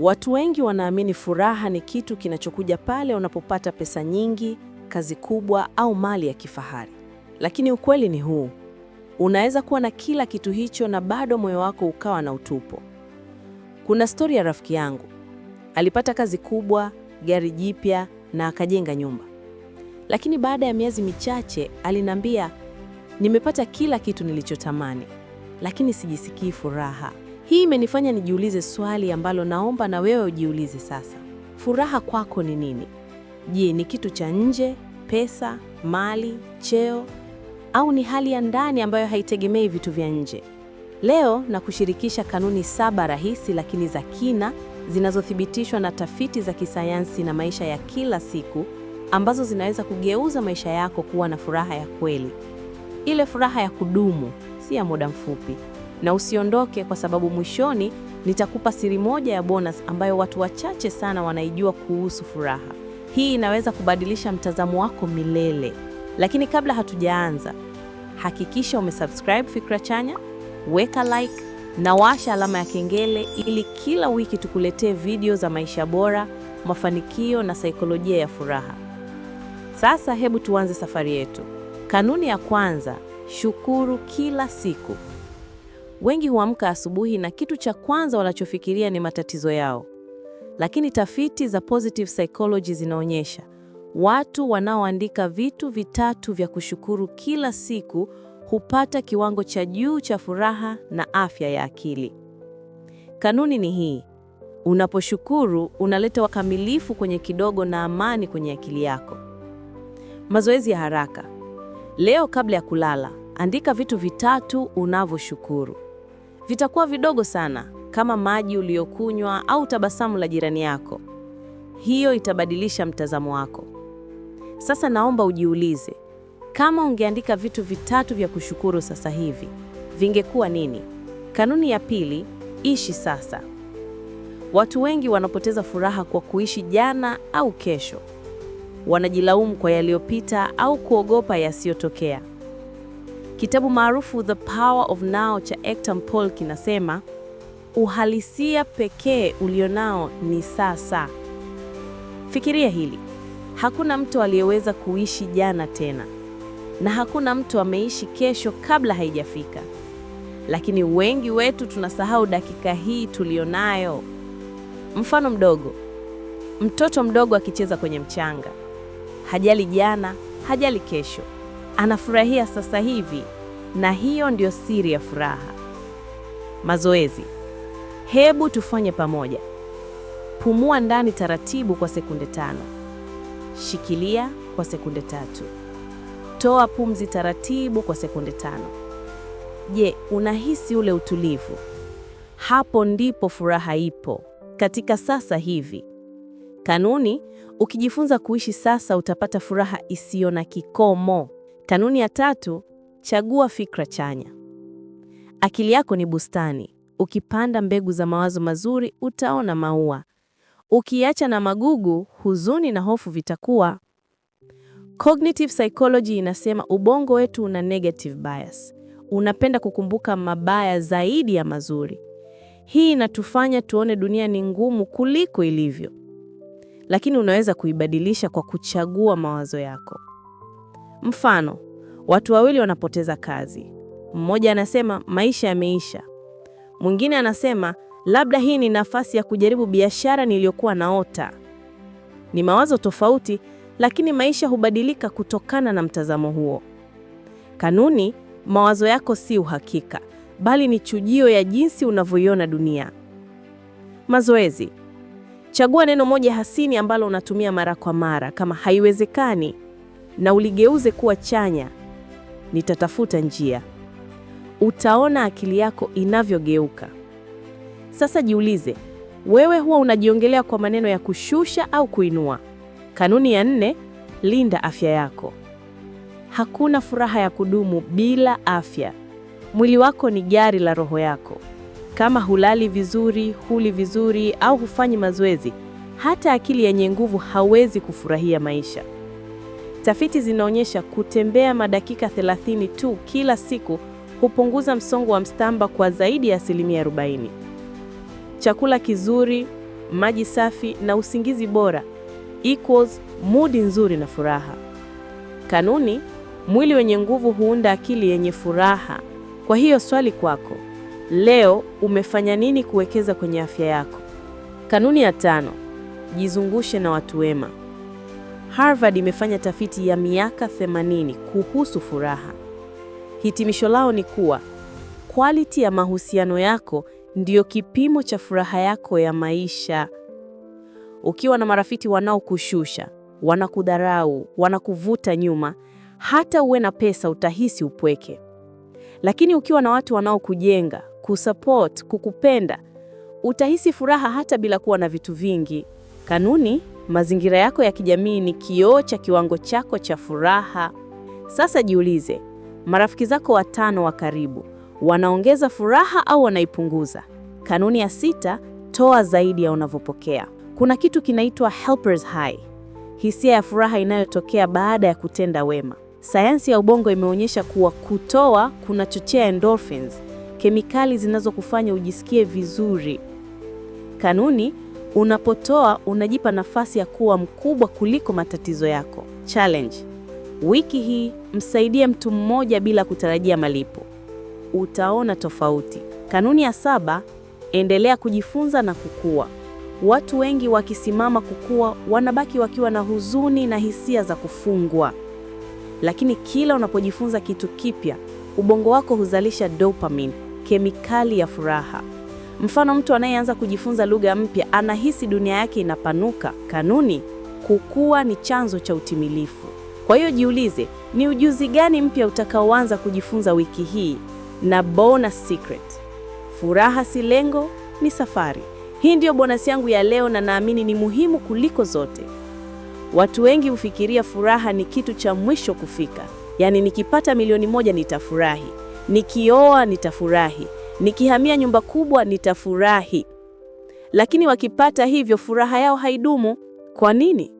Watu wengi wanaamini furaha ni kitu kinachokuja pale unapopata pesa nyingi, kazi kubwa au mali ya kifahari. Lakini ukweli ni huu. Unaweza kuwa na kila kitu hicho na bado moyo wako ukawa na utupu. Kuna stori ya rafiki yangu. Alipata kazi kubwa, gari jipya na akajenga nyumba. Lakini baada ya miezi michache aliniambia, nimepata kila kitu nilichotamani, lakini sijisikii furaha. Hii imenifanya nijiulize swali ambalo naomba na wewe ujiulize sasa. Furaha kwako ni nini? Je, ni kitu cha nje, pesa, mali, cheo au ni hali ya ndani ambayo haitegemei vitu vya nje? Leo na kushirikisha kanuni saba rahisi lakini za kina zinazothibitishwa na tafiti za kisayansi na maisha ya kila siku ambazo zinaweza kugeuza maisha yako kuwa na furaha ya kweli. Ile furaha ya kudumu, si ya muda mfupi na usiondoke, kwa sababu mwishoni nitakupa siri moja ya bonus ambayo watu wachache sana wanaijua kuhusu furaha. Hii inaweza kubadilisha mtazamo wako milele. Lakini kabla hatujaanza, hakikisha umesubscribe Fikra Chanya, weka like na washa alama ya kengele ili kila wiki tukuletee video za maisha bora, mafanikio na saikolojia ya furaha. Sasa hebu tuanze safari yetu. Kanuni ya kwanza, shukuru kila siku. Wengi huamka asubuhi na kitu cha kwanza wanachofikiria ni matatizo yao, lakini tafiti za positive psychology zinaonyesha watu wanaoandika vitu vitatu vya kushukuru kila siku hupata kiwango cha juu cha furaha na afya ya akili. Kanuni ni hii: unaposhukuru unaleta wakamilifu kwenye kidogo na amani kwenye akili yako. Mazoezi ya haraka: leo kabla ya kulala, andika vitu vitatu unavyoshukuru vitakuwa vidogo sana, kama maji uliyokunywa au tabasamu la jirani yako. Hiyo itabadilisha mtazamo wako. Sasa naomba ujiulize, kama ungeandika vitu vitatu vya kushukuru sasa hivi, vingekuwa nini? Kanuni ya pili, ishi sasa. Watu wengi wanapoteza furaha kwa kuishi jana au kesho. Wanajilaumu kwa yaliyopita au kuogopa yasiyotokea. Kitabu maarufu The Power of Now cha Eckhart Tolle kinasema uhalisia pekee ulionao ni sasa. Fikiria hili, hakuna mtu aliyeweza kuishi jana tena, na hakuna mtu ameishi kesho kabla haijafika, lakini wengi wetu tunasahau dakika hii tulionayo. Mfano mdogo, mtoto mdogo akicheza kwenye mchanga, hajali jana, hajali kesho anafurahia sasa hivi, na hiyo ndio siri ya furaha. Mazoezi: hebu tufanye pamoja. Pumua ndani taratibu kwa sekunde tano, shikilia kwa sekunde tatu, toa pumzi taratibu kwa sekunde tano. Je, unahisi ule utulivu? Hapo ndipo furaha ipo, katika sasa hivi. Kanuni: ukijifunza kuishi sasa, utapata furaha isiyo na kikomo. Kanuni ya tatu, chagua fikra chanya. Akili yako ni bustani. Ukipanda mbegu za mawazo mazuri, utaona maua. Ukiacha na magugu, huzuni na hofu vitakuwa. Cognitive psychology inasema ubongo wetu una negative bias. Unapenda kukumbuka mabaya zaidi ya mazuri. Hii inatufanya tuone dunia ni ngumu kuliko ilivyo. Lakini unaweza kuibadilisha kwa kuchagua mawazo yako. Mfano, watu wawili wanapoteza kazi, mmoja anasema maisha yameisha, mwingine anasema labda hii ni nafasi ya kujaribu biashara niliyokuwa naota. Ni mawazo tofauti, lakini maisha hubadilika kutokana na mtazamo huo. Kanuni: mawazo yako si uhakika, bali ni chujio ya jinsi unavyoiona dunia. Mazoezi: chagua neno moja hasini ambalo unatumia mara kwa mara, kama haiwezekani na uligeuze kuwa chanya, nitatafuta njia. Utaona akili yako inavyogeuka. Sasa jiulize, wewe huwa unajiongelea kwa maneno ya kushusha au kuinua? Kanuni ya nne, linda afya yako. Hakuna furaha ya kudumu bila afya. Mwili wako ni gari la roho yako. Kama hulali vizuri, huli vizuri au hufanyi mazoezi, hata akili yenye nguvu hawezi kufurahia maisha. Tafiti zinaonyesha kutembea madakika 30 tu kila siku hupunguza msongo wa mstamba kwa zaidi ya asilimia 40. Chakula kizuri, maji safi na usingizi bora equals mudi nzuri na furaha. Kanuni, mwili wenye nguvu huunda akili yenye furaha. Kwa hiyo swali kwako leo, umefanya nini kuwekeza kwenye afya yako? Kanuni ya tano, jizungushe na watu wema. Harvard imefanya tafiti ya miaka 80 kuhusu furaha. Hitimisho lao ni kuwa quality ya mahusiano yako ndiyo kipimo cha furaha yako ya maisha. Ukiwa na marafiki wanaokushusha, wanakudharau, wanakuvuta nyuma, hata uwe na pesa utahisi upweke. Lakini ukiwa na watu wanaokujenga, kusupport, kukupenda, utahisi furaha hata bila kuwa na vitu vingi. Kanuni Mazingira yako ya kijamii ni kioo cha kiwango chako cha furaha. Sasa jiulize, marafiki zako watano wa karibu wanaongeza furaha au wanaipunguza? Kanuni ya sita, toa zaidi ya unavyopokea. Kuna kitu kinaitwa helpers high, hisia ya furaha inayotokea baada ya kutenda wema. Sayansi ya ubongo imeonyesha kuwa kutoa kunachochea endorphins, kemikali zinazokufanya ujisikie vizuri. Kanuni Unapotoa unajipa nafasi ya kuwa mkubwa kuliko matatizo yako. Challenge wiki hii, msaidie mtu mmoja bila kutarajia malipo. Utaona tofauti. Kanuni ya saba, endelea kujifunza na kukua. Watu wengi wakisimama kukua wanabaki wakiwa na huzuni na hisia za kufungwa, lakini kila unapojifunza kitu kipya, ubongo wako huzalisha dopamine, kemikali ya furaha. Mfano, mtu anayeanza kujifunza lugha mpya anahisi dunia yake inapanuka. Kanuni: kukua ni chanzo cha utimilifu. Kwa hiyo jiulize, ni ujuzi gani mpya utakaoanza kujifunza wiki hii? Na bonus secret, furaha si lengo, ni safari. Hii ndiyo bonus yangu ya leo, na naamini ni muhimu kuliko zote. Watu wengi hufikiria furaha ni kitu cha mwisho kufika, yaani nikipata milioni moja nitafurahi, nikioa nitafurahi Nikihamia nyumba kubwa nitafurahi. Lakini wakipata hivyo, furaha yao haidumu. Kwa nini?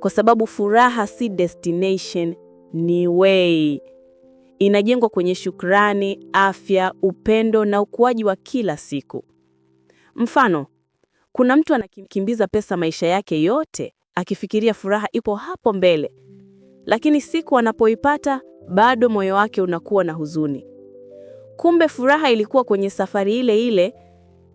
Kwa sababu furaha si destination, ni way. Inajengwa kwenye shukrani, afya, upendo na ukuaji wa kila siku. Mfano, kuna mtu anakimbiza pesa maisha yake yote akifikiria furaha ipo hapo mbele, lakini siku anapoipata bado moyo wake unakuwa na huzuni. Kumbe furaha ilikuwa kwenye safari ile ile,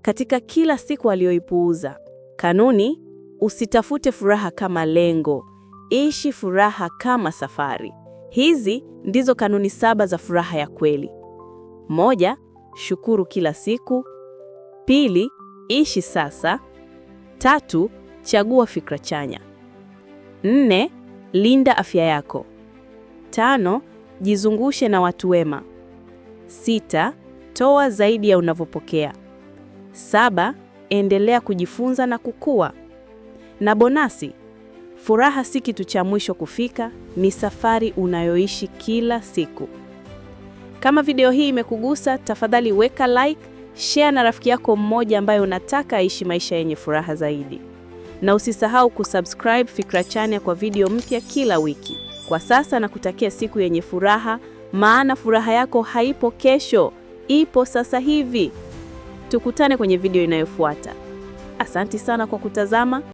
katika kila siku aliyoipuuza. Kanuni: usitafute furaha kama lengo, ishi furaha kama safari. Hizi ndizo kanuni saba za furaha ya kweli. Moja, shukuru kila siku. Pili, ishi sasa. Tatu, chagua fikra chanya. Nne, linda afya yako. Tano, jizungushe na watu wema. Sita, toa zaidi ya unavyopokea. Saba, endelea kujifunza na kukua. Na bonasi, furaha si kitu cha mwisho kufika, ni safari unayoishi kila siku. Kama video hii imekugusa, tafadhali weka like, share na rafiki yako mmoja ambaye unataka aishi maisha yenye furaha zaidi. Na usisahau kusubscribe Fikra Chanya kwa video mpya kila wiki. Kwa sasa nakutakia siku yenye furaha maana furaha yako haipo kesho, ipo sasa hivi. Tukutane kwenye video inayofuata. Asanti sana kwa kutazama.